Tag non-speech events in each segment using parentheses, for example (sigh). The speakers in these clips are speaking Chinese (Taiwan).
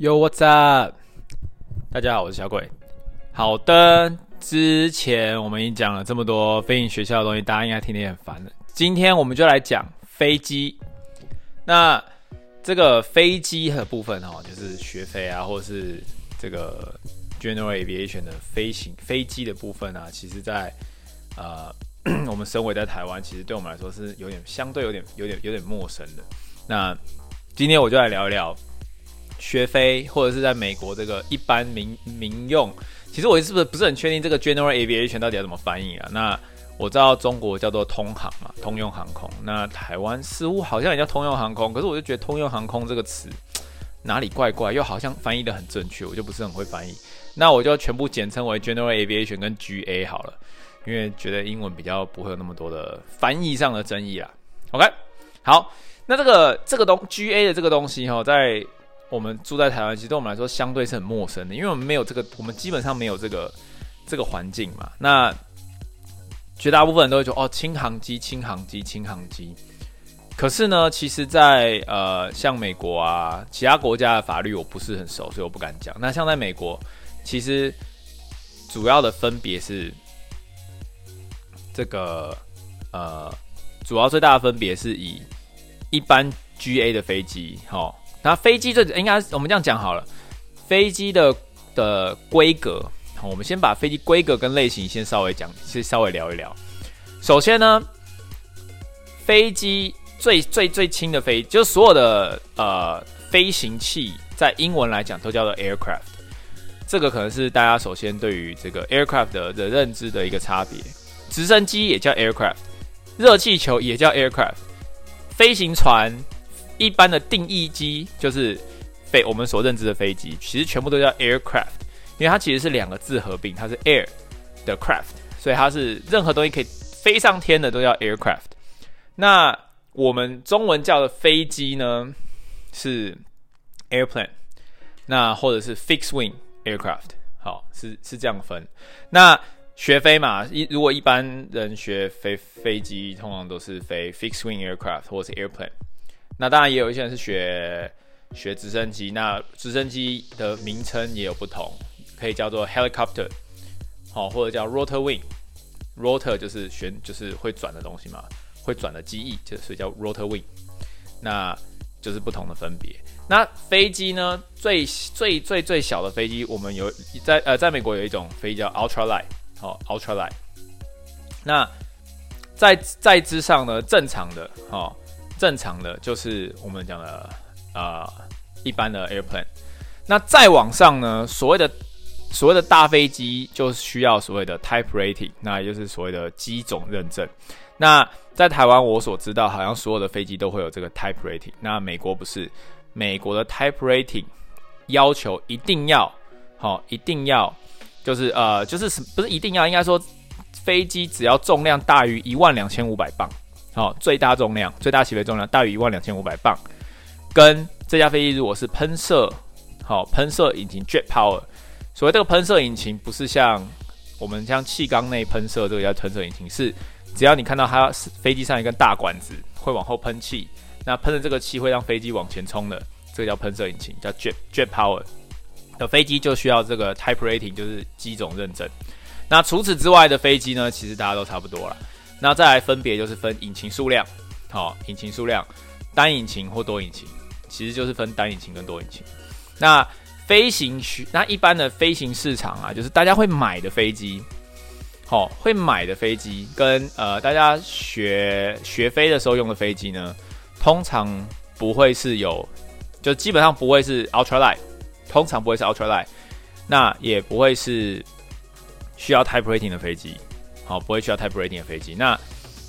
Yo, what's up？大家好，我是小鬼。好的，之前我們已經講了這麼多飛行學校的東西，大家應該聽得也很煩了。今天我們就來講飛機。那這個飛機的部分哦，就是學飛啊，或者是這個 General Aviation 的飛行飛機的部分啊，其實在呃 (coughs) 我們身為在台灣，其實對我們來說是有點相對有點有點有點陌生的。那今天我就來聊一聊。學飛，或者是在美國，這個一般民民用，其實我是不是不是很確定這個 General Aviation 到底要怎麼翻譯啊？那我知道中國叫做通航嘛，通用航空。那台灣似乎好像也叫通用航空，可是我就覺得通用航空這個詞哪裡怪怪，又好像翻譯得很正確，我就不是很會翻譯。那我就全部簡稱為 General Aviation 跟 GA 好了，因為覺得英文比較不會有那麼多的翻譯上的爭議啊。OK，好，那這個這個東 GA 的這個東西哈，在我們住在台灣，其實對我們來說相對是很陌生的，因為我們沒有這個，我們基本上沒有這個這個環境嘛。那絕大部分人都會說：“哦，輕航機，輕航機，輕航機。”可是呢，其實在呃，像美國啊，其他國家的法律我不是很熟，所以我不敢講。那像在美國，其實主要的分別是這個呃，主要最大的分別是以一般 GA 的飛機，哈。那飛機就應該我們這樣講好了。飛機的的規格好，我們先把飛機規格跟類型先稍微講，先稍微聊一聊。首先呢，飛機最最最輕的飛，就所有的呃飛行器，在英文來講都叫做 aircraft。這個可能是大家首先對於這個 aircraft 的，的認知的一個差別。直升機也叫 aircraft，熱氣球也叫 aircraft，飛行船。一般的定義機就是被我們所認知的飛機，其實全部都叫 aircraft，因為它其實是兩個字合併，它是 air 的 craft，所以它是任何東西可以飛上天的都叫 aircraft。那我們中文叫的飛機呢是 airplane，那或者是 fixed wing aircraft，好，是是這樣分。那學飛嘛，一如果一般人學飛飛機，通常都是飛 fixed wing aircraft 或者是 airplane。那當然也有一些人是學學直升機，那直升機的名稱也有不同，可以叫做 helicopter，好、哦，或者叫 rotor wing，rotor 就是旋，就是會轉的東西嘛，會轉的機翼就是叫 rotor wing，那就是不同的分別。那飛機呢，最最最最小的飛機，我們有在呃，在美國有一種飛機叫 ultra light，好、哦，ultra light，那在在之上呢，正常的，哈、哦。正常的就是我們講的呃一般的 airplane，那再往上呢，所謂的所謂的大飛機就需要所謂的 type rating，那也就是所謂的機種認證。那在台灣我所知道，好像所有的飛機都會有這個 type rating。那美國不是？美國的 type rating 要求一定要好，一定要就是呃就是不是一定要，應該說，飛機只要重量大於一萬兩千五百磅。好，最大重量，最大起飛重量大於一萬兩千五百磅。跟這架飛機如果是噴射，好，噴射引擎 jet power。所謂這個噴射引擎，不是像我們像氣缸內噴射這個叫噴射引擎，是只要你看到它是飛機上一根大管子會往後噴氣，那噴的這個氣會讓飛機往前衝的，這個叫噴射引擎，叫 jet jet power。那飛機就需要這個 type rating，就是機種認證。那除此之外的飛機呢，其實大家都差不多了。那再來分別就是分引擎數量，好、哦，引擎數量，單引擎或多引擎，其實就是分單引擎跟多引擎。那飛行學，那一般的飛行市場啊，就是大家會買的飛機，好、哦，會買的飛機跟呃大家學學飛的時候用的飛機呢，通常不會是有，就基本上不會是 ultra light，通常不會是 ultra light，那也不會是需要 type rating 的飛機。哦，不會需要 type rating 的飛機。那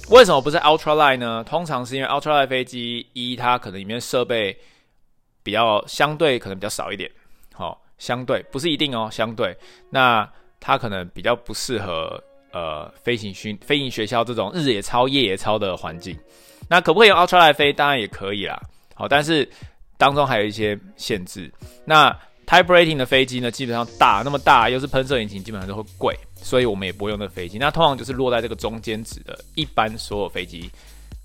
為什麼不是 Ultralight 呢？通常是因為 Ultralight 飛機一它，可能裡面設備比較相對可能比較少一點。好、哦，相對不是一定哦，相對那它可能比較不適合呃飛行訓飛行學校這種日也超夜也超的環境。那可不可以用 Ultralight 飛？當然也可以啦。好、哦，但是當中還有一些限制。那 Hybriding 的飛機呢，基本上大，那麼大又是噴射引擎，基本上都會貴，所以我們也不會用那個飛機。那通常就是落在這個中間值的，一般所有飛機。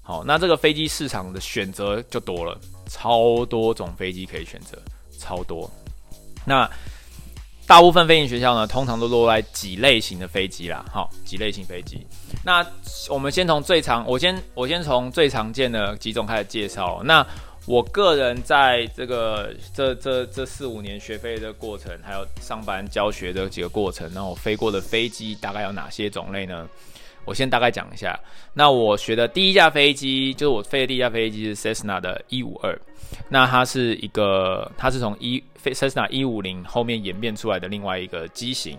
好，那這個飛機市場的選擇就多了，超多種飛機可以選擇，超多。那大部分飛行學校呢，通常都落在幾類型的飛機啦。好，幾類型飛機。那我們先從最常，我先我先從最常見的幾種開始介紹。那我個人在這個這這這四五年學飛的過程，還有上班教學的幾個過程，那我飛過的飛機大概有哪些種類呢？我先大概講一下。那我學的第一架飛機，就是我飛的第一架飛機是 Cessna 的一五二，那它是一個，它是從一、e，飛 Cessna 一五零後面演變出來的另外一個機型。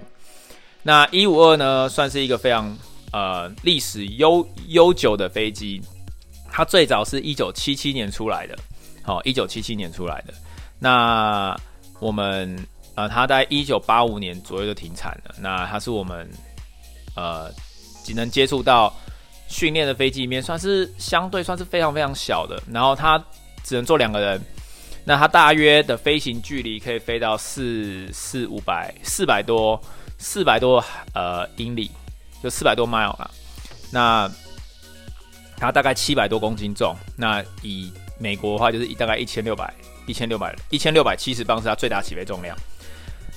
那一五二呢，算是一個非常，呃，歷史悠悠久的飛機，它最早是一九七七年出來的。好，一九七七年出來的。那我們呃，它在一九八五年左右就停產了。那它是我們呃，僅能接觸到訓練的飛機裡面，算是相對算是非常非常小的。然後它只能坐兩個人。那它大約的飛行距離可以飛到四四五百四百多四百多呃英里，就四百多 mile 啊。那它大概七百多公斤重。那以美國的話就是一大概一千六百一千六百一千六百七十磅是它最大起飛重量。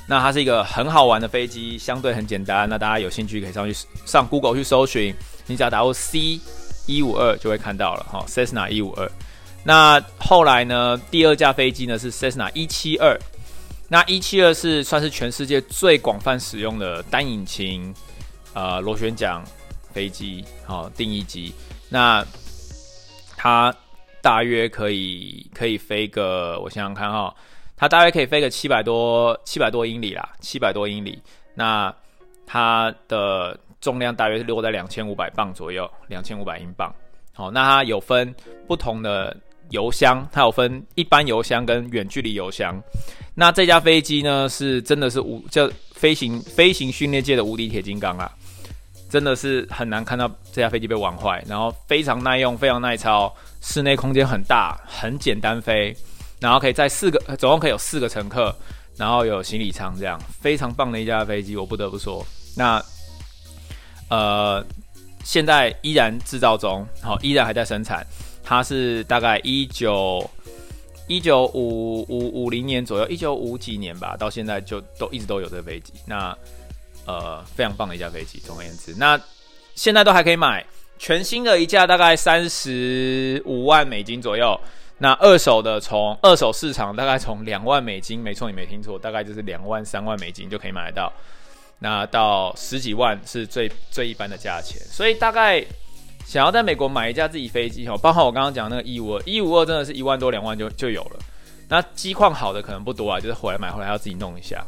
那它是一個很好玩的飛機，相對很簡單。那大家有興趣可以上去上 Google 去搜尋，你只要打入 C 一五二就會看到了。哈、哦，Cessna 一五二。那後來呢，第二架飛機呢是 Cessna 一七二。那一七二是算是全世界最廣泛使用的單引擎、呃、螺旋槳飛機。好、哦，定翼機。那它。大約可以可以飛個，我想想看哈、哦，它大約可以飛個七百多七百多英里啦，七百多英里。那它的重量大約是落在兩千五百磅左右，兩千五百英鎊。好、哦，那它有分不同的油箱，它有分一般油箱跟遠距離油箱。那這架飛機呢，是真的是無，就飛行飛行訓練界的無敵鐵金剛啦、啊。真的是很難看到這架飛機被玩壞，然後非常耐用，非常耐操，室內空間很大，很簡單飛，然後可以在四個，總共可以有四個乘客，然後有行李艙，這樣非常棒的一架飛機，我不得不說。那呃，現在依然制造中，好，依然還在生產，它是大概一九一九五五五零年左右，一九五幾年吧，到現在就都一直都有這個飛機。那呃，非常棒的一架飛機。總而言之，那現在都還可以買全新的一架，大概三十五萬美金左右。那二手的從二手市場，大概從兩萬美金，沒錯，你沒聽錯，大概就是兩萬三萬美金就可以買得到。那到十幾萬是最最一般的價錢。所以大概想要在美國買一架自己飛機，哈，包括我剛剛講那個一五二，一五二真的是一萬多兩萬就就有了。那機況好的可能不多啊，就是回來買回來要自己弄一下，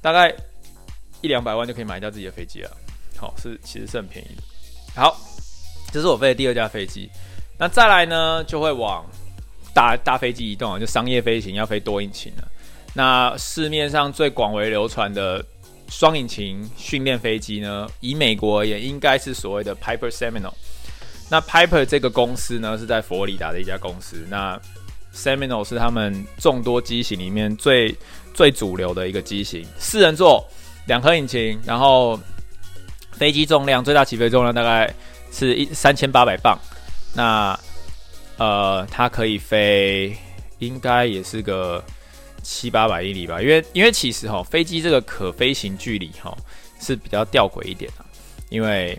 大概。一兩百萬就可以買一架自己的飛機了，好、哦、是其實是很便宜的。好，這是我飛的第二架飛機。那再來呢，就會往大大飛機移動，就商業飛行要飛多引擎了。那市面上最廣為流傳的雙引擎訓練飛機呢，以美國而言，應該是所謂的 Piper Seminole。那 Piper 這個公司呢，是在佛羅里達的一家公司。那 Seminole 是他們眾多機型裡面最最主流的一個機型，四人座。兩顆引擎，然後飛機重量、最大起飛重量大概是一三千八百磅。那呃，它可以飛，應該也是個七八百英里吧？因為因為其實哈，飛機這個可飛行距離哈是比較吊詭一點的，因為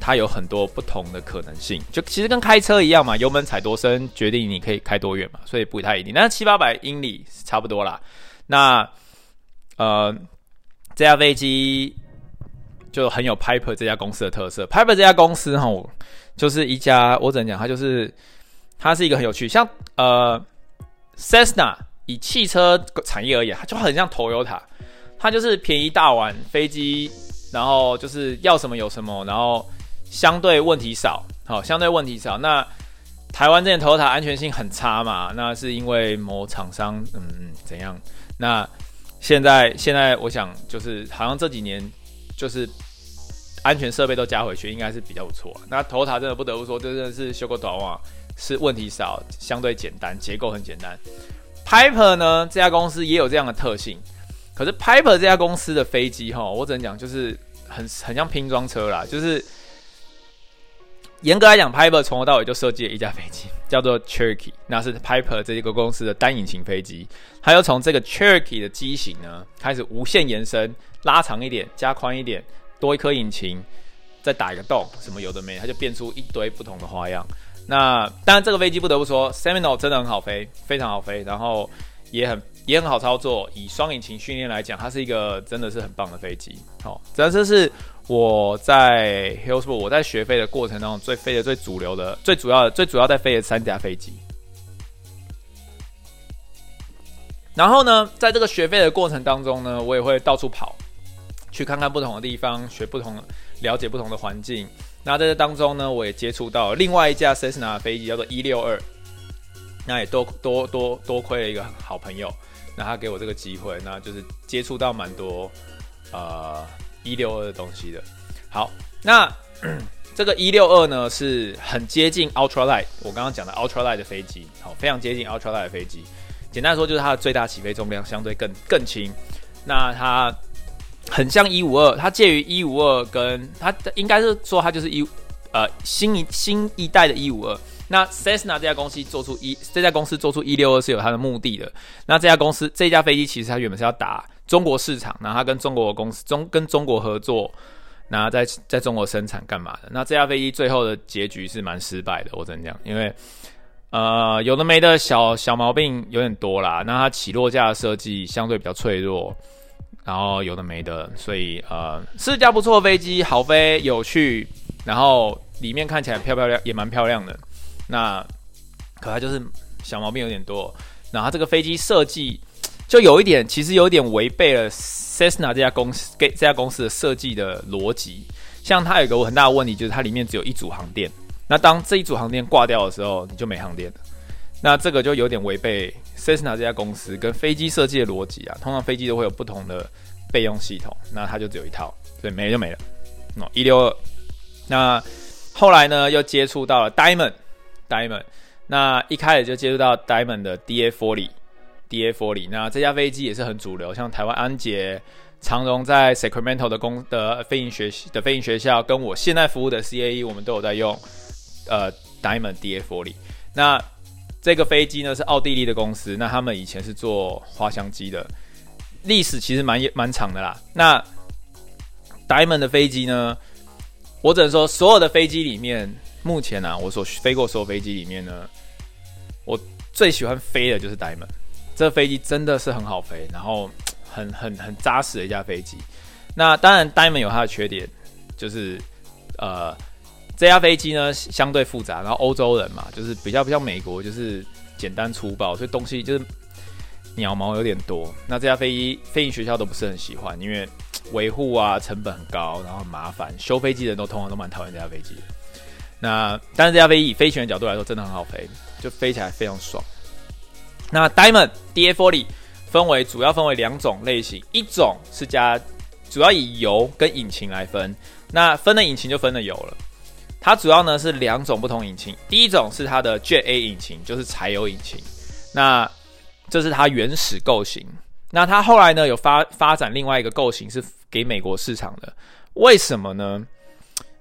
它有很多不同的可能性。就其實跟開車一樣嘛，油門踩多深決定你可以開多遠嘛，所以不太一定。那七八百英里是差不多啦。那呃。這架飛機就很有 Piper 這家公司的特色。Piper 這家公司齁，就是一家，我只能講，它就是它是一個很有趣，像呃，Cessna 以汽車產業而言，它就很像 Toyota，它就是便宜大碗飛機，然後就是要什麼有什麼，然後相對問題少。好，相對問題少。那台灣之前 Toyota 安全性很差嘛？那是因為某廠商，嗯，怎樣？那現在現在我想就是好像這幾年，就是安全設備都加回去，應該是比較不錯啊。那頭塔真的不得不說，真的是修個短網是問題少，相對簡單，結構很簡單。Piper 呢，這家公司也有這樣的特性，可是 Piper 這家公司的飛機哈，我只能講就是很很像拼裝車啦，就是。嚴格來講，Piper 從頭到尾就設計了一架飛機，叫做 Cherokee，那是 Piper 這一個公司的單引擎飛機。它又從這個 Cherokee 的機型呢，開始無限延伸、拉長一點、加寬一點、多一顆引擎、再打一個洞，什麼有的沒有，它就變出一堆不同的花樣。那當然，這個飛機不得不說，Seminole 真的很好飛，非常好飛，然後也很也很好操作。以雙引擎訓練來講，它是一個真的是很棒的飛機。好、哦，主要是，是。我在 Hillsboro 我在學飛的過程當中，最飛的最主流的、最主要的、最主要在飛的三架飛機。然後呢，在這個學飛的過程當中呢，我也會到處跑，去看看不同的地方，學不同、了解不同的環境。那在這當中呢，我也接觸到另外一架 Cessna 的飛機，叫做一六二。那也多多多多虧了一個好朋友，那他給我這個機會，那就是接觸到蠻多呃。一六二的東西的，好，那這個一六二呢，是很接近 Ultra Light，我剛剛講的 Ultra Light 的飛機，好，非常接近 Ultra Light 的飛機。簡單說，就是它的最大起飛重量相對更更輕，那它很像一五二，它介於一五二跟，它應該是說它就是一，呃，新一新一代的一五二。那 Cessna 這家公司做出一，這家公司做出一六二是有它的目的的。那這家公司，這架飛機其實它原本是要打。中國市場，那它跟中國公司中跟中國合作，那在在中國生產幹嘛的？那這架飛機最後的結局是蠻失敗的，我只能講，因為呃有的沒的小小毛病有點多啦。那它起落架的設計相對比較脆弱，然後有的沒的，所以呃是架不錯的飛機，好飛有趣，然後裡面看起來漂漂亮也蠻漂亮的。那可它就是小毛病有點多，那它這個飛機設計。就有一點，其實有一點違背了 Cessna 這家公司給這家公司的設計的邏輯。像它有個我很大的問題，就是它裡面只有一組航電。那當這一組航電掛掉的時候，你就沒航電了。那這個就有點違背 Cessna 這家公司跟飛機設計的邏輯啊。通常飛機都會有不同的備用系統，那它就只有一套，所以沒了就沒了。那162。那後來呢，又接觸到了 Diamond Diamond。那一開始就接觸到 Diamond 的 DA40。40 D A Forty，那這架飛機也是很主流，像台灣安捷、長榮在 Sacramento 的公的、的飛行學習的飛行學校，跟我現在服務的 C A E，我們都有在用呃 Diamond D A Forty。那這個飛機呢是奧地利的公司，那他們以前是做滑翔機的，歷史其實蠻也蠻長的啦。那 Diamond 的飛機呢，我只能說所有的飛機裡面，目前呢、啊、我所飛過所有飛機裡面呢，我最喜歡飛的就是 Diamond。這飛機真的是很好飛，然後很很很扎實的一架飛機。那當然，Diamond 有它的缺點，就是呃，這架飛機呢相對複雜。然後歐洲人嘛，就是比較不像美國，就是簡單粗暴，所以東西就是鳥毛有點多。那這架飛機，飛行學校都不是很喜歡，因為維護啊成本很高，然後很麻煩。修飛機的人都通常都蠻討厭這架飛機的。那當然，但是這架飛機以飛行員的角度來說，真的很好飛，就飛起來非常爽。那 Diamond DA40 分為主要分為兩種類型，一種是加主要以油跟引擎來分，那分了引擎就分了油了。它主要呢是兩種不同引擎，第一種是它的 Jet A 引擎，就是柴油引擎。那這、就是它原始構型。那它後來呢有發發展另外一個構型，是給美國市場的。為什麼呢？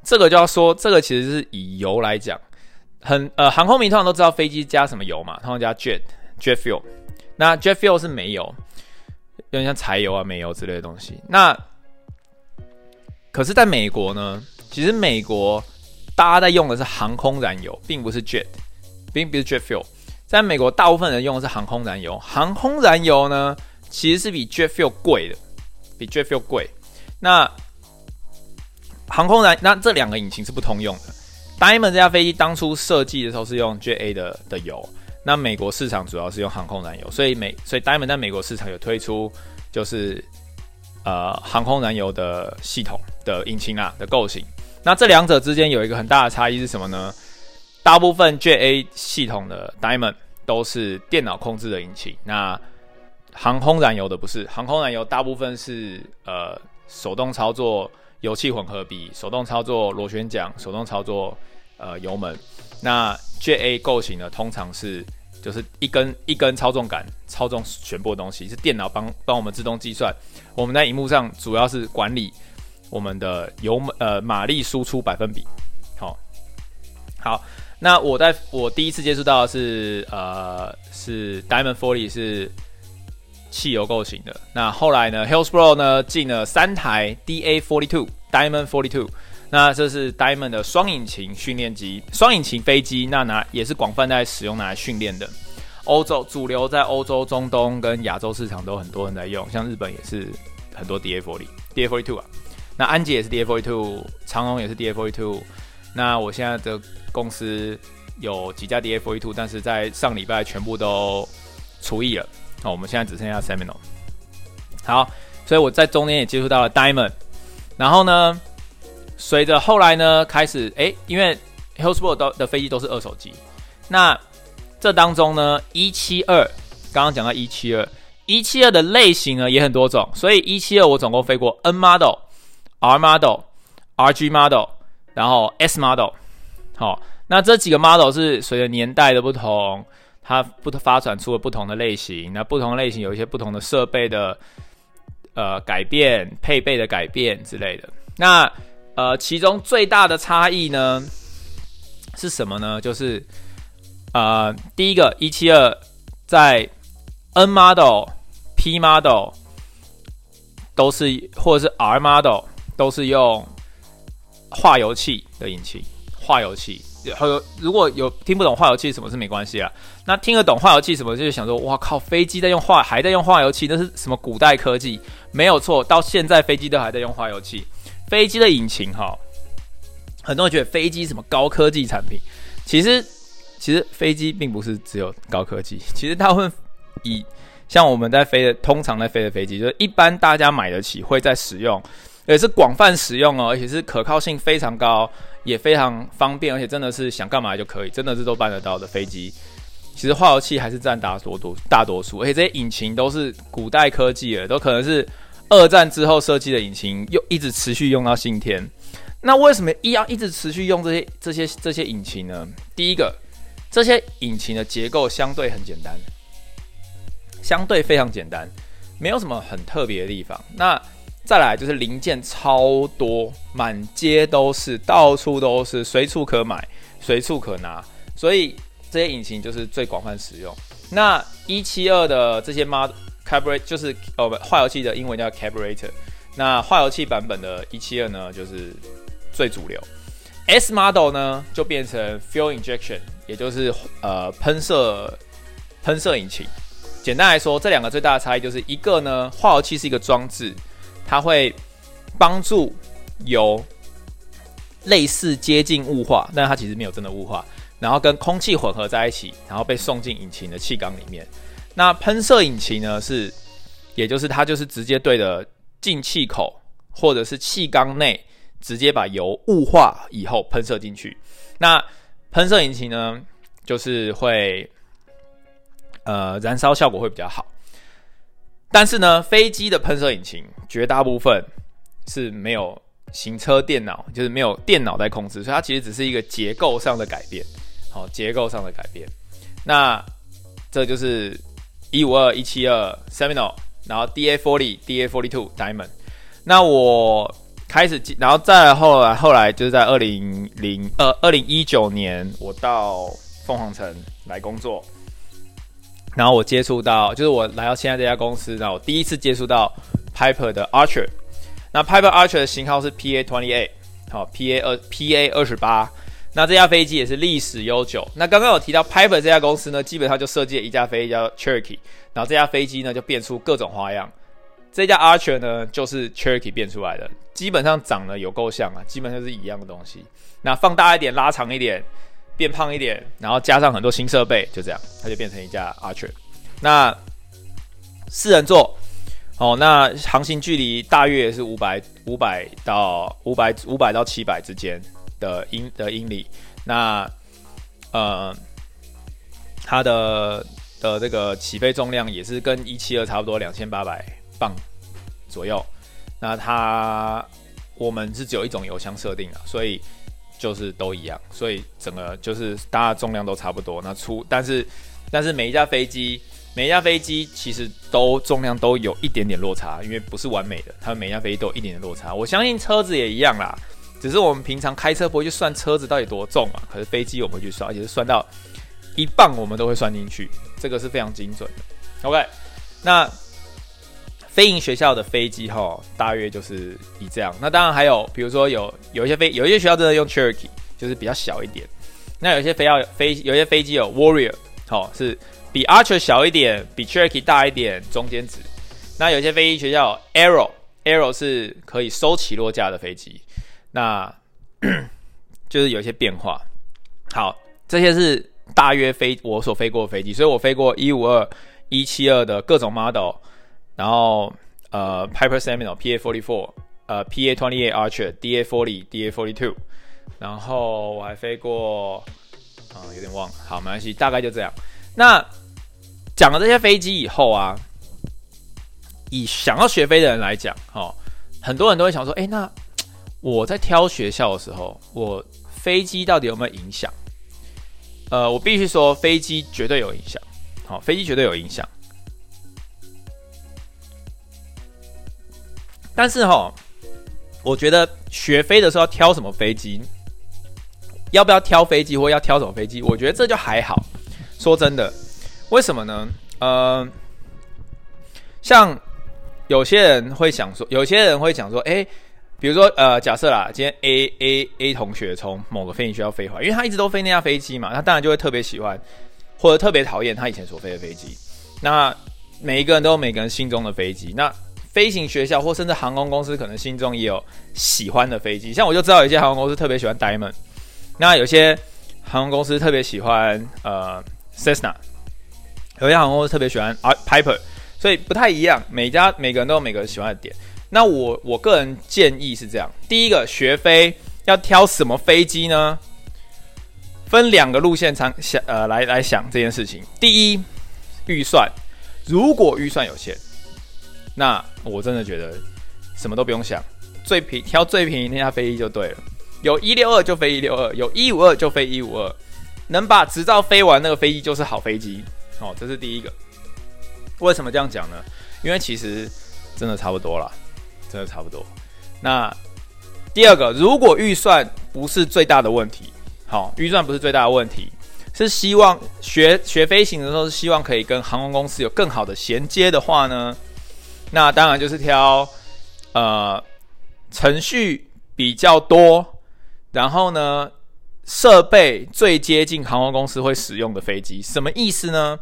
這個就要說，這個其實是以油來講，很呃，航空迷通常都知道飛機加什麼油嘛，通常加 Jet。Jet fuel，那 Jet fuel 是煤油，有點像柴油啊、煤油之類的東西。那可是在美國呢，其實美國大家在用的是航空燃油，並不是 Jet，並不是 Jet fuel。在美國，大部分人用的是航空燃油。航空燃油呢，其實是比 Jet fuel 貴的，比 Jet fuel 貴。那航空燃，那這兩個引擎是不通用的。Diamond 這架飛機當初設計的時候是用 Jet A 的的油。那美國市場主要是用航空燃油，所以美所以 Diamond 在美國市場有推出就是呃航空燃油的系統的引擎啊的構型。那這兩者之間有一個很大的差異是什麼呢？大部分 JA 系統的 Diamond 都是電腦控制的引擎，那航空燃油的不是，航空燃油大部分是呃手動操作油氣混合比，手動操作螺旋槳，手動操作呃油門。那 JA 構型呢，通常是。就是一根一根操縱桿操縱全部東西，是電腦幫幫我們自動計算。我們在熒幕上主要是管理我們的油呃馬力輸出百分比。好、哦，好，那我在我第一次接觸到的是呃是 Diamond Forty 是汽油構型的。那後來呢，Hillsboro 呢進了三台 DA Forty Two Diamond Forty Two。那這是 Diamond 的雙引擎訓練機，雙引擎飛機，那拿也是廣泛在使用拿來訓練的。歐洲主流在歐洲、中東跟亞洲市場都很多人在用，像日本也是很多 DA40、DA42 啊。那安吉也是 DA42，長龍也是 DA42。那我現在的公司有幾架 DA42，但是在上禮拜全部都除役了。那我們現在只剩下 Seminole。好，所以我在中間也接觸到了 Diamond，然後呢，隨着後來呢，開始誒、欸，因為 Hillsport 的飛機都是二手機，那這當中呢，一七二剛剛講到一七二，一七二的類型呢也很多種，所以一七二我總共飛過 N model、mod el, R model、mod RG model，mod 然後 S model。Mod el, 好，那這幾個 model 是隨着年代的不同，它不同發展出了不同的類型，那不同類型有一些不同的設備的呃改變、配備的改變之類的，那。呃，其中最大的差異呢是什麼呢？就是，呃，第一個一七二在 N model、P model 都是，或者是 R model 都是用化油器的引擎。化油器，有如果有聽不懂化油器什麼是沒關係啊。那聽得懂化油器什麼，就是想說，哇靠，飛機在用化，還在用化油器，那是什麼古代科技？沒有錯，到現在飛機都還在用化油器。飛機的引擎哈，很多人覺得飛機什麼高科技產品，其實其實飛機並不是只有高科技，其實它會以像我們在飛的，通常在飛的飛機，就是一般大家買得起會在使用，也是廣泛使用哦、喔，而且是可靠性非常高，也非常方便，而且真的是想幹嘛就可以，真的是都辦得到的飛機。其實，化油器還是占大多多大多數，而且這些引擎都是古代科技的，都可能是。二戰之後設計的引擎，又一直持續用到今天，那為什麼一要一直持續用這些這些這些引擎呢？第一個，這些引擎的結構相對很簡單，相對非常簡單，沒有什麼很特別的地方。那再來就是零件超多，滿街都是，到處都是，隨處可買，隨處可拿，所以這些引擎就是最廣泛使用。那一七二的這些 Carburetor 就是哦不，化油器的英文叫 Carburetor。那化油器版本的172呢，就是最主流。S model 呢，就變成 Fuel Injection，也就是呃噴射噴射引擎。簡單來說，這兩個最大的差異就是一個呢，化油器是一個裝置，它會幫助油類似接近霧化，但它其實沒有真的霧化，然後跟空氣混合在一起，然後被送進引擎的氣缸裡面。那噴射引擎呢，是，也就是它就是直接對着進氣口，或者是氣缸內直接把油霧化以後噴射進去。那噴射引擎呢，就是會呃燃燒效果會比較好。但是呢，飛機的噴射引擎絕大部分是沒有行車電腦，就是沒有電腦在控制，所以它其實只是一個結構上的改變。好，結構上的改變。那這就是。一五二一七二 seminol，然後 da forty da forty two diamond。那我開始，然後再來後來後來就是在二零零二二零一九年，我到鳳凰城來工作，然後我接觸到，就是我來到現在這家公司，然後第一次接觸到 piper 的 archer。那 piper archer 的型號是 pa twenty eight，好 pa 二 pa 二十八。那這架飛機也是歷史悠久。那剛剛有提到 Piper 這家公司呢，基本上就設計了一架飛機叫 Cherokee，然後這架飛機呢就變出各種花樣。這架 Archer 呢就是 Cherokee 變出來的，基本上長得有夠像啊，基本上是一樣的東西。那放大一點，拉長一點，變胖一點，然後加上很多新設備，就這樣，它就變成一架 Archer。那四人座，哦，那航行距離大約是五百五百到五百五百到七百之間。的英的英里，那呃，它的的這個起飛重量也是跟一七二差不多兩千八百磅左右。那它我們是只有一種油箱設定啊，所以就是都一樣，所以整個就是大家重量都差不多。那出但是但是每一架飛機每一架飛機其實都重量都有一點點落差，因為不是完美的，它每一架飛機都有一點點落差。我相信車子也一樣啦。只是我們平常開車不會去算車子到底多重啊，可是飛機我們會去算，而且是算到一磅我們都會算進去，這個是非常精準的。OK，那飛行學校的飛機哈，大約就是以這樣。那當然還有，比如說有有一些飛，有一些學校真的用 Cherokee，就是比較小一點。那有些飛要飛，有一些飛機有 Warrior，好是比 Archer 小一點，比 Cherokee 大一點，中間值。那有些飛機學校 Arrow，Arrow 是可以收起落架的飛機。那 (coughs) 就是有一些變化。好，這些是大約飛我所飛過的飛機，所以我飛過一五二、一七二的各種 model，然後呃，Piper Seminole、PA forty four、呃、PA twenty eight Archer、DA forty、DA forty two，然後我還飛過啊、哦，有點忘了，好，沒關係，大概就這樣。那講了這些飛機以後啊，以想要學飛的人來講，哈、哦，很多人都會想說，哎，那。我在挑學校的時候，我飛機到底有沒有影響？呃，我必須說，飛機絕對有影響。好，飛機絕對有影響。但是哈，我覺得學飛的時候要挑什麼飛機，要不要挑飛機，或要挑什麼飛機，我覺得這就還好。說真的，為什麼呢？呃，像有些人會想說，有些人會想說，哎。比如說，呃，假設啦，今天 A A A 同學從某個飛行學校飛回來，因為他一直都飛那架飛機嘛，他當然就會特別喜歡，或者特別討厭他以前所飛的飛機。那每一個人都有每個人心中的飛機。那飛行學校或甚至航空公司可能心中也有喜歡的飛機。像我就知道有些航空公司特別喜歡 Diamond，那有些航空公司特別喜歡呃 Cessna，有些航空公司特別喜歡啊 Piper，所以不太一樣。每家每個人都有每個人喜歡的點。那我我個人建議是這樣：第一個，學飛要挑什麼飛機呢？分兩個路線長想，呃，來來想這件事情。第一，預算，如果預算有限，那我真的覺得什麼都不用想，最平挑最便宜那架飛機就對了。有一六二就飛一六二，有一五二就飛一五二，能把執照飛完那個飛機就是好飛機。哦，這是第一個。為什麼這樣講呢？因為其實真的差不多了。真的差不多。那第二個，如果預算不是最大的問題，好，預算不是最大的問題，是希望學學飛行的時候是希望可以跟航空公司有更好的銜接的話呢？那當然就是挑呃程序比較多，然後呢設備最接近航空公司會使用的飛機。什麼意思呢？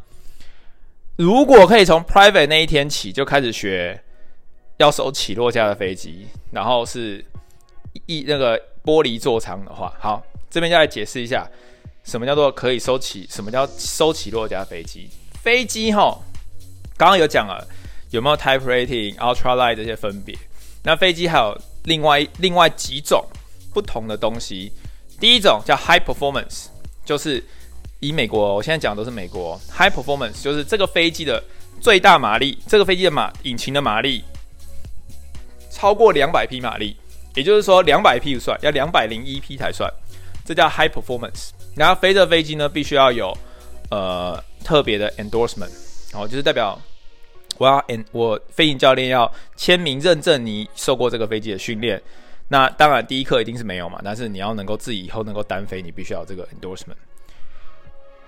如果可以從 private 那一天起就開始學。要收起落架的飛機，然後是一那個玻璃座艙的話，好，這邊就來解釋一下，什麼叫做可以收起，什麼叫收起落架的飛機？飛機吼，剛剛有講了，有沒有 Type Rating、Ultra Light 這些分別？那飛機還有另外另外幾種不同的東西，第一種叫 High Performance，就是以美國我現在講的都是美國 High Performance，就是這個飛機的最大馬力，這個飛機的馬引擎的馬力。超過兩百匹馬力，也就是說兩百匹就算，要兩百零一匹才算，這叫 high performance。然後飛這飛機呢，必須要有呃特別的 endorsement，好，就是代表我要我飛行教練要簽名認證你受過這個飛機的訓練。那當然第一課一定是沒有嘛，但是你要能夠自己以後能夠單飛，你必須要這個 endorsement。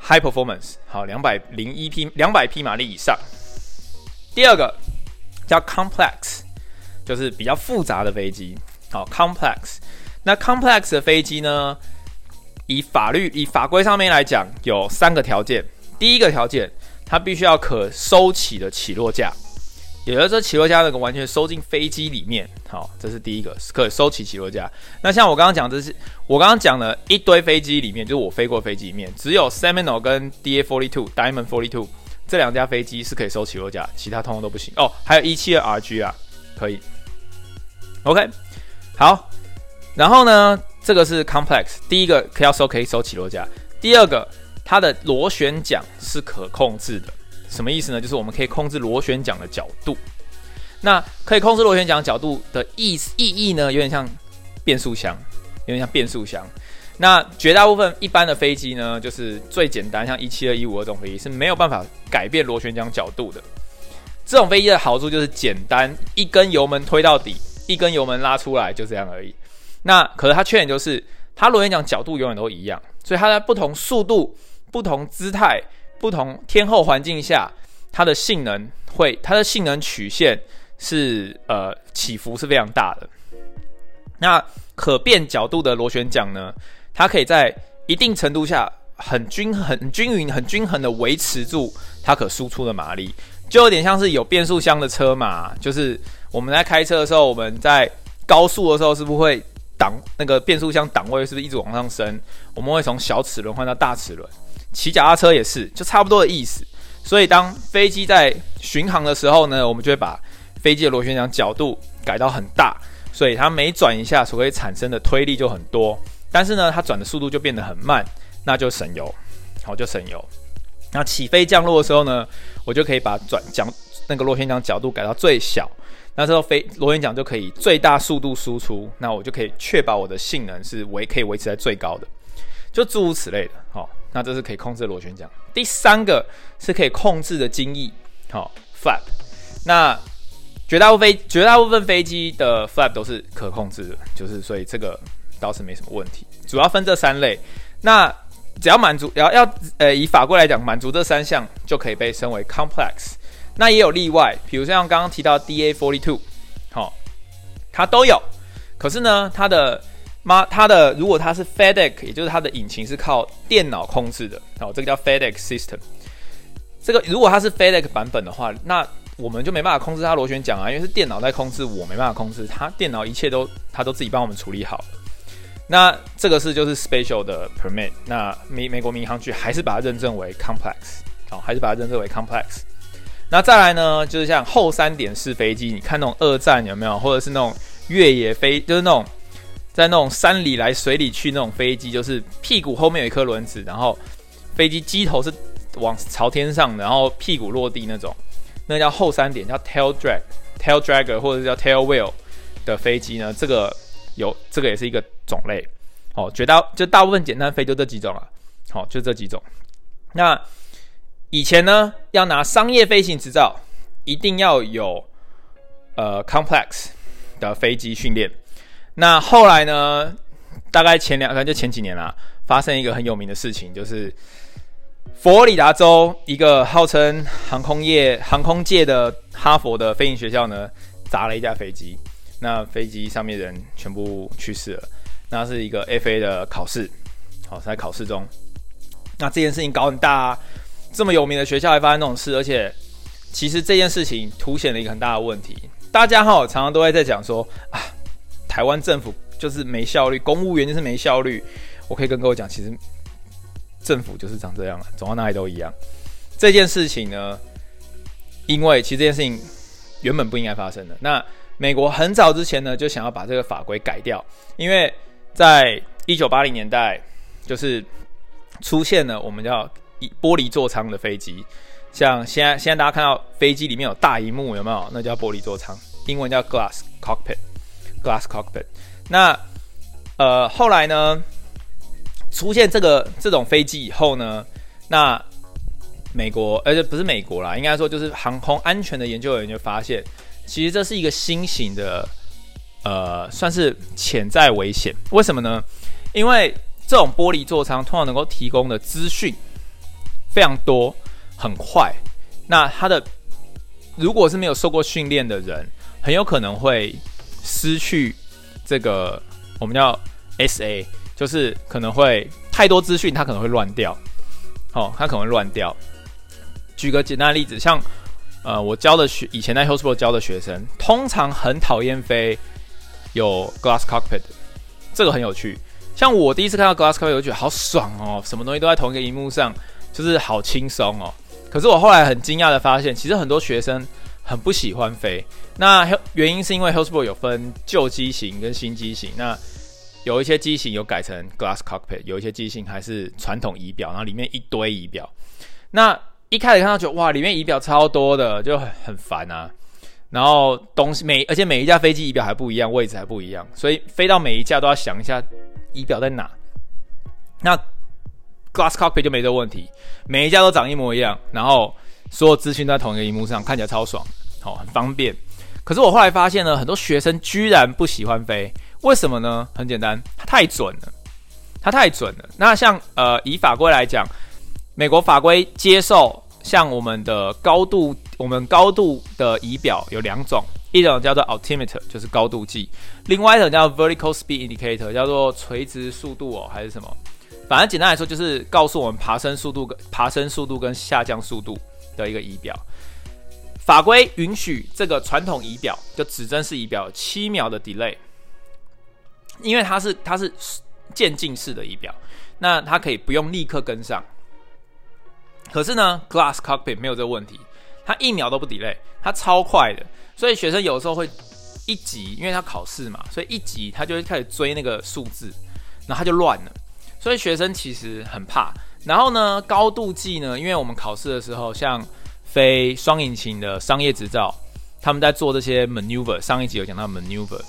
High performance，好，兩百零一匹，兩百匹馬力以上。第二個叫 complex。就是比較複雜的飛機，好，complex。那 complex 的飛機呢，以法律以法規上面來講，有三個條件。第一個條件，它必須要可收起的起落架，也就是說起落架能夠完全收進飛機裡面。好，這是第一個，是可以收起起落架。那像我剛剛講，這是我剛剛講的一堆飛機裡面，就是、我飛過飛機裡面，只有 Seminole 跟 DA42 Diamond 42這兩架飛機是可以收起落架，其他通通都不行。哦，還有一七二 RG 啊，可以。OK，好，然後呢，這個是 complex。第一個可要收，可以收起落架；第二個，它的螺旋槳是可控制的。什麼意思呢？就是我們可以控制螺旋槳的角度。那可以控制螺旋槳的角度的意思意義呢，有點像變速箱，有點像變速箱。那絕大部分一般的飛機呢，就是最簡單，像一七二、一五二這種飛機是沒有辦法改變螺旋槳角度的。這種飛機的好處就是簡單，一根油門推到底。一根油門拉出來就這樣而已。那可是它缺點就是，它螺旋槳角度永遠都一樣，所以它在不同速度、不同姿態、不同天候環境下，它的性能會，它的性能曲線是呃起伏是非常大的。那可變角度的螺旋槳呢，它可以在一定程度下很均衡、很均勻、很均衡的維持住它可輸出的馬力，就有點像是有變速箱的車嘛，就是。我們在開車的時候，我們在高速的時候，是不是會擋那個變速箱檔位？是不是一直往上升？我們會從小齒輪換到大齒輪。騎腳踏車也是，就差不多的意思。所以，當飛機在巡航的時候呢，我們就會把飛機的螺旋槳角度改到很大，所以它每轉一下，所會產生的推力就很多。但是呢，它轉的速度就變得很慢，那就省油，好就省油。那起飛降落的時候呢，我就可以把轉降那個螺旋槳角度改到最小。那時候飛螺旋槳就可以最大速度輸出，那我就可以確保我的性能是維可以維持在最高的，就諸如此類的，好、哦，那這是可以控制的螺旋槳。第三個是可以控制的襟翼，好、哦、，flap。那絕大部分絕大部分飛機的 flap 都是可控制的，就是所以這個倒是沒什麼問題。主要分這三類，那只要滿足要要呃以法規來講滿足這三項就可以被稱為 complex。那也有例外，比如像剛剛提到 DA42，好，它都有，可是呢，它的媽，它的如果它是 FADEC，也就是它的引擎是靠電腦控制的，哦，這個叫 FADEC system，這個如果它是 FADEC 版本的話，那我們就沒辦法控制它螺旋槳啊，因為是電腦在控制，我沒辦法控制它，電腦一切都它都自己幫我們處理好。那這個是就是 special 的 permit，那美美國民航局還是把它認證為 complex，好、哦，還是把它認證為 complex。那再來呢，就是像後三點式飛機，你看那種二戰有沒有，或者是那種越野飛，就是那種在那種山裡來水裡去那種飛機，就是屁股後面有一顆輪子，然後飛機機頭是往朝天上的，然後屁股落地那種，那叫後三點，叫 tail drag、tail dragger 或者叫 tail wheel 的飛機呢？這個有，這個也是一個種類。哦，絕大就大部分簡單飛就這幾種啊。好、哦，就這幾種。那。以前呢，要拿商業飛行執照，一定要有呃 Complex 的飛機訓練。那後來呢，大概前兩，就前幾年啦，發生一個很有名的事情，就是佛羅里達州一個號稱航空業、航空界的哈佛的飛行學校呢，砸了一架飛機，那飛機上面的人全部去世了。那是一個 FA 的考試，好，哦，在考試中，那這件事情搞很大啊。這麼有名的學校還發生這種事，而且其實這件事情凸顯了一個很大的問題。大家哈、哦、常常都會在講說啊，台灣政府就是沒效率，公務員就是沒效率。我可以跟各位講，其實政府就是長這樣了，走到哪裡都一樣。這件事情呢，因為其實這件事情原本不應該發生的。那美國很早之前呢就想要把這個法規改掉，因為在一九八零年代就是出現了我們叫。玻璃座艙的飛機，像現在現在大家看到飛機裡面有大熒幕有沒有？那叫玻璃座艙，英文叫 glass cockpit。glass cockpit。那呃，後來呢，出現這個這種飛機以後呢，那美國而且，呃、不是美國啦，應該說就是航空安全的研究人員就發現，其實這是一個新型的呃，算是潛在危險。為什麼呢？因為這種玻璃座艙通常能夠提供的資訊。非常多，很快。那他的如果是沒有受過訓練的人，很有可能會失去這個，我們叫 SA，就是可能會太多資訊，他可能會亂掉。哦。他可能會亂掉。舉個簡單的例子，像呃，我教的學，以前在 Hillsboro 教的學生，通常很討厭飛有 Glass Cockpit，這個很有趣。像我第一次看到 Glass Cockpit，我就覺得好爽哦，什麼東西都在同一個熒幕上。就是好輕鬆哦，可是我後來很驚訝的發現，其實很多學生很不喜歡飛。那原因是因為 Hubsan 有分舊機型跟新機型，那有一些機型有改成 Glass Cockpit，有一些機型還是傳統儀表，然後裡面一堆儀表。那一開始看到覺得哇，裡面儀表超多的，就很很煩啊。然後東西每而且每一架飛機儀表還不一樣，位置還不一樣，所以飛到每一架都要想一下儀表在哪。那 Glass Cockpit 就沒這個問題，每一架都長一模一樣，然後所有資訊在同一個熒幕上看起來超爽，哦，很方便。可是我後來發現呢，很多學生居然不喜歡飛，為什麼呢？很簡單，它太準了，它太準了。那像呃，以法規來講，美國法規接受像我們的高度，我們高度的儀表有兩種，一種叫做 altimeter，就是高度計，另外一種叫 vertical speed indicator，叫做垂直速度哦，還是什麼？反正簡單來說，就是告訴我們爬升速度、爬升速度跟下降速度的一個儀表。法規允許這個傳統儀表就指針式儀表七秒的 delay，因為它是它是漸進式的儀表，那它可以不用立刻跟上。可是呢，glass cockpit 沒有這個問題，它一秒都不 delay，它超快的。所以學生有時候會一急，因為他考試嘛，所以一急他就會開始追那個數字，然後他就亂了。所以學生其實很怕，然後呢，高度計呢，因為我們考試的時候，像飛雙引擎的商業執照，他們在做這些 maneuver，上一集有講到 maneuver，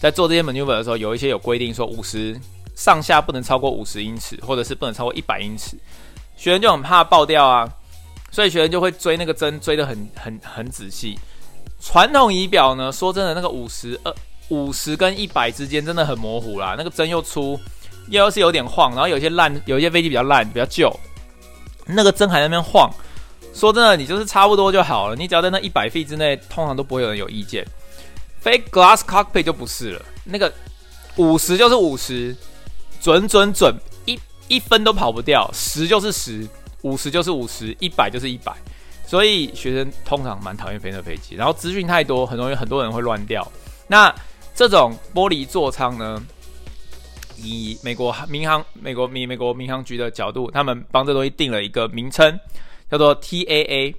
在做這些 maneuver 的時候，有一些有規定說五十上下不能超過五十英尺，或者是不能超過一百英尺，學生就很怕爆掉啊，所以學生就會追那個針，追得很很很仔細。傳統儀表呢，說真的，那個五十呃五十跟一百之間真的很模糊啦，那個針又粗。又是有點晃，然後有些爛，有些飛機比較爛，比較舊。那個針還在那邊晃。說真的，你就是差不多就好了。你只要在那一百 feet 之內，通常都不會有人有意見。飛 glass cockpit 就不是了，那個五十就是五十，準準準，一一分都跑不掉。十就是十，五十就是五十，一百就是一百。所以學生通常蠻討厭飛的飛機，然後資訊太多，很容易很多人會亂掉。那這種玻璃座艙呢？以美國民航、美國民美國民航局的角度，他們幫這東西定了一個名稱，叫做 TAA。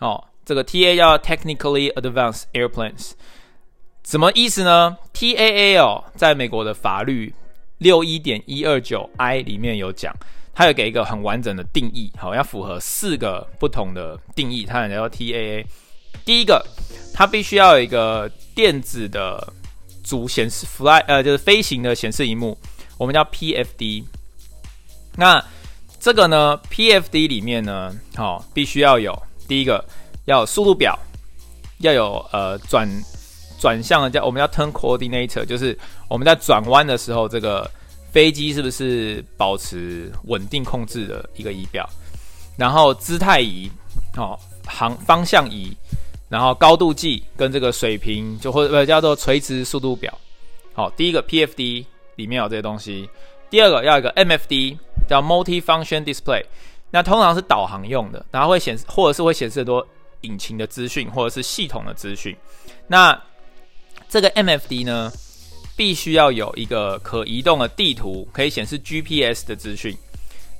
哦，這個 TAA 叫 Technically Advanced Airplanes，什麼意思呢？TAA 哦，在美國的法律六一點一二九 I 裡面有講，它有給一個很完整的定義。好、哦，要符合四個不同的定義，它才叫 TAA。第一個，它必須要有一個電子的主顯示 fly 呃，就是飛行的顯示熒幕。我們叫 PFD，那這個呢？PFD 裡面呢，好、哦，必須要有第一個，要有速度表，要有呃轉轉向的叫我們叫 Turn Coordinator，就是我們在轉彎的時候，這個飛機是不是保持穩定控制的一個儀表？然後姿態儀，哦，航方向儀，然後高度計跟這個水平就或者叫做垂直速度表，好、哦，第一個 PFD。PF 裡面有這些東西。第二個要有一個 MFD 叫 Multi Function Display，那通常是導航用的，然後會顯或者是會顯示多引擎的資訊或者是系統的資訊。那這個 MFD 呢，必須要有一個可移動的地圖，可以顯示 GPS 的資訊，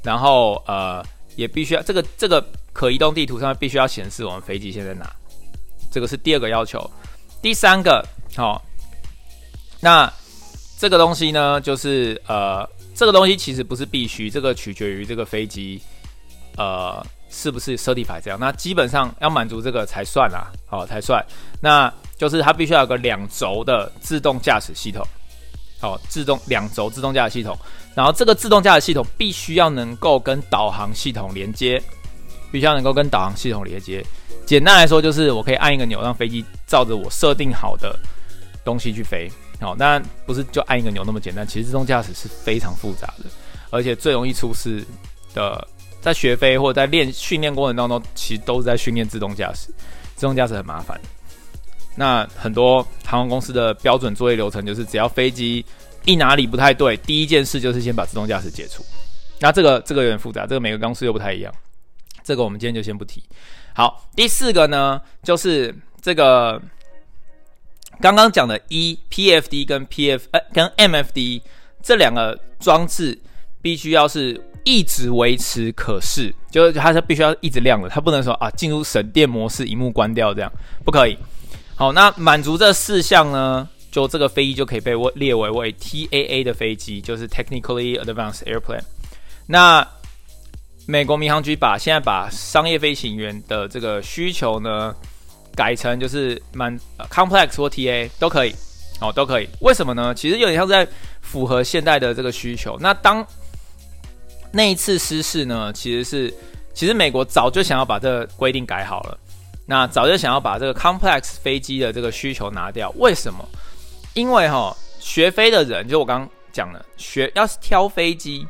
然後呃也必須要這個這個可移動地圖上面必須要顯示我們飛機現在在哪。這個是第二個要求。第三個好、哦，那。這個東西呢，就是呃，這個東西其實不是必須，這個取決於這個飛機呃是不是 certify 這樣。那基本上要滿足這個才算啊，好、哦、才算。那就是它必須要有個兩軸的自動駕駛系統，好、哦，自動兩軸自動駕駛系統。然後這個自動駕駛系統必須要能夠跟導航系統連接，必須要能夠跟導航系統連接。簡單來說就是，我可以按一個鈕讓飛機照着我設定好的東西去飛。好，那不是就按一個鈕那麼簡單。其實自動駕駛是非常複雜的，而且最容易出事的，在學飛或者在練訓練過程當中，其實都是在訓練自動駕駛。自動駕駛很麻煩。那很多航空公司的標準作業流程就是，只要飛機一哪裡不太對，第一件事就是先把自動駕駛解除。那這個這個有點複雜，這個每個公司又不太一樣，這個我們今天就先不提。好，第四個呢，就是這個。剛剛講的 E P F D 跟 P F 呃跟 M F D 這兩個裝置，必須要是一直維持可視，就是它是必須要一直亮的，它不能說啊進入省電模式，螢幕關掉這樣不可以。好，那滿足這四項呢，就這個飛機就可以被列為為 T A A 的飛機，就是 Technically Advanced Airplane。那美國民航局把現在把商業飛行員的這個需求呢。改成就是蠻 complex 或 TA 都可以，哦，都可以。為什麼呢？其實有點像是在符合現代的這個需求。那當那一次失事呢，其實是其實美國早就想要把這個規定改好了，那早就想要把這個 complex 飛機的這個需求拿掉。為什麼？因為哈、哦、學飛的人，就我剛剛講了，學要是挑飛機，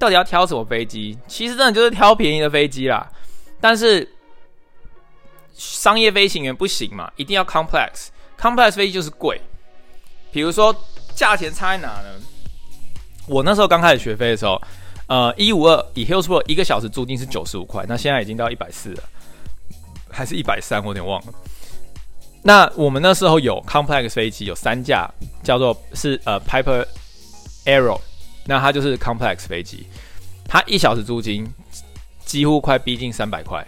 到底要挑什麼飛機？其實真的就是挑便宜的飛機啦。但是商業飛行員不行嘛，一定要 complex。complex 飛機就是貴，比如說價錢差在哪呢？我那時候剛開始學飛的時候，呃，一五二以 Hillsport 一個小時租金是九十五塊，那現在已經到一百四了，還是一百三，我有點忘了。那我們那時候有 complex 飛機，有三架，叫做是呃 Piper Arrow，那它就是 complex 飛機，它一小時租金幾乎快逼近三百塊。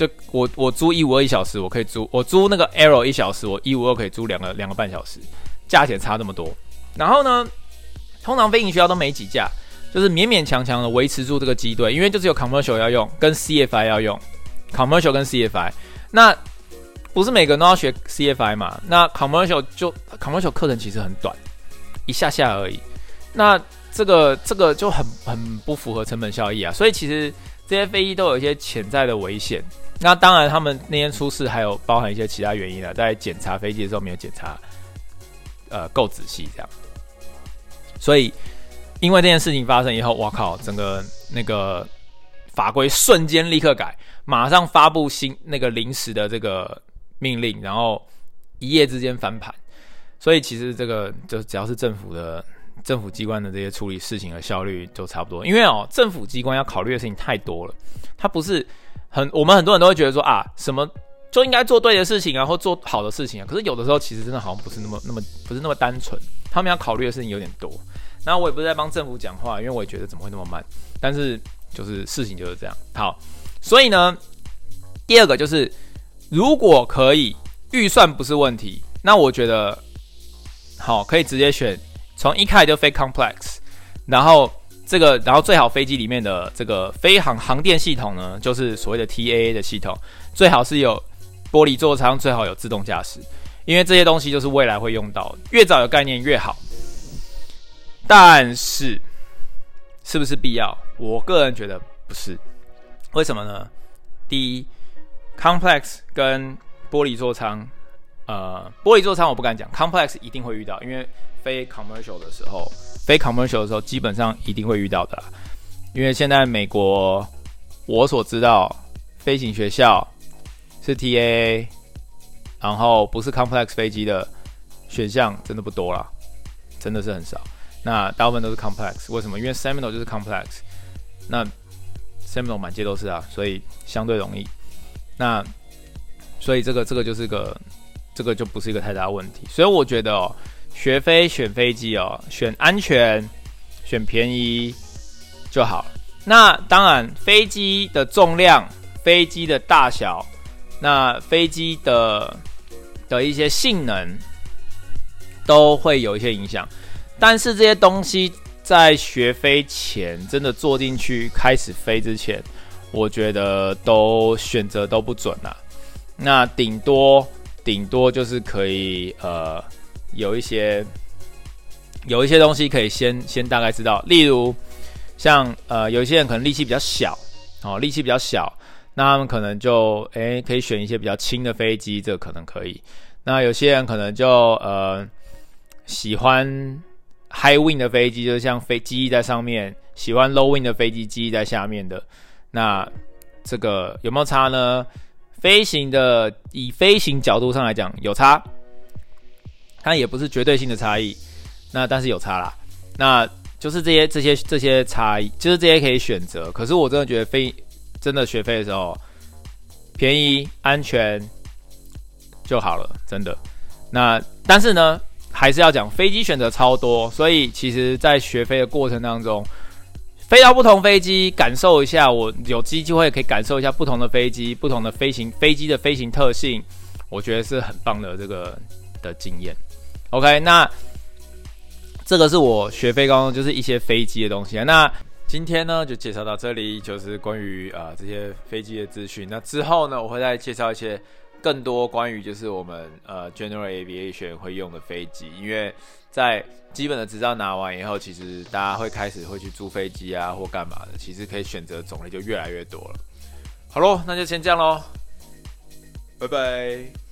就我我租一五二一小時，我可以租我租那個 Arrow 一小時，我一五二可以租兩個兩個半小時，價錢差這麼多。然後呢，通常飛行學校都沒幾架，就是勉勉強強的維持住這個機隊，因為就只有 commercial 要用，跟 CFI 要用，commercial 跟 CFI。那不是每個人都要學 CFI 嘛？那 com 就 commercial 就 commercial 課程其實很短，一下下而已。那這個這個就很很不符合成本效益啊，所以其實。這些飛機都有一些潛在的危險。那當然，他們那天出事還有包含一些其他原因的，在檢查飛機的時候沒有檢查，呃，夠仔細這樣。所以，因為這件事情發生以後，我靠，整個那個法規瞬間立刻改，馬上發布新那個臨時的這個命令，然後一夜之間翻盤。所以，其實這個就只要是政府的。政府機關的這些處理事情的效率，就差不多，因為哦、喔，政府機關要考慮的事情太多了，它不是很，我們很多人都會覺得說啊，什麼就應該做對的事情，啊，或做好的事情啊，可是有的時候其實真的好像不是那麼、那麼不是那麼單純，他們要考慮的事情有點多。那我也不是在幫政府講話，因為我也覺得怎麼會那麼慢，但是就是事情就是這樣。好，所以呢，第二個就是如果可以，預算不是問題，那我覺得好可以直接選。從一開始就飛 complex，然後這個，然後最好飛機裡面的這個飛航、航電系統呢，就是所謂的 TAA 的系統，最好是有玻璃座艙，最好有自動駕駛，因為這些東西就是未來會用到的，越早有概念越好。但是，是不是必要？我個人覺得不是。為什麼呢？第一，complex 跟玻璃座艙，呃，玻璃座艙我不敢講，complex 一定會遇到，因為非 commercial 的時候，非 commercial 的時候基本上一定會遇到的。因為現在美國我所知道，飛行學校是 TAA，然後不是 complex 飛機的選項真的不多了，真的是很少。那大部分都是 complex，為什麼？因為 Seminole 就是 complex，那 Seminole 滿街都是啊，所以相對容易。那所以這個這個就是一個，這個就不是一個太大的問題。所以我覺得哦。學飛選飛機哦，選安全、選便宜就好。那當然，飛機的重量、飛機的大小、那飛機的的一些性能都會有一些影響。但是這些東西在學飛前，真的坐進去開始飛之前，我覺得都選擇都不準啦。那頂多頂多就是可以呃。有一些有一些東西可以先先大概知道，例如像呃，有一些人可能力氣比較小，哦，力氣比較小，那他們可能就誒、欸、可以選一些比較輕的飛機，這個可能可以。那有些人可能就呃喜歡 high wing 的飛機，就是像飛機翼在上面；喜歡 low wing 的飛機，機翼在下面的。那這個有沒有差呢？飛行的以飛行角度上來講，有差。它也不是絕對性的差異，那但是有差啦，那就是這些這些這些差異，就是這些可以選擇。可是我真的覺得飛真的學飛的時候，便宜安全就好了，真的。那但是呢，還是要講飛機選擇超多，所以其實，在學飛的過程當中，飛到不同飛機，感受一下，我有機會可以感受一下不同的飛機、不同的飛行飛機的飛行特性，我覺得是很棒的這個的經驗。OK，那這個是我學飛剛剛就是一些飛機的東西啊。那今天呢，就介紹到這裡，就是關於呃這些飛機的資訊。那之後呢，我會再介紹一些更多關於就是我們呃 General Aviation 會用的飛機，因為在基本的執照拿完以後，其實大家會開始會去租飛機啊或幹嘛的，其實可以選擇種類就越來越多了。好嘍，那就先這樣咯，拜拜。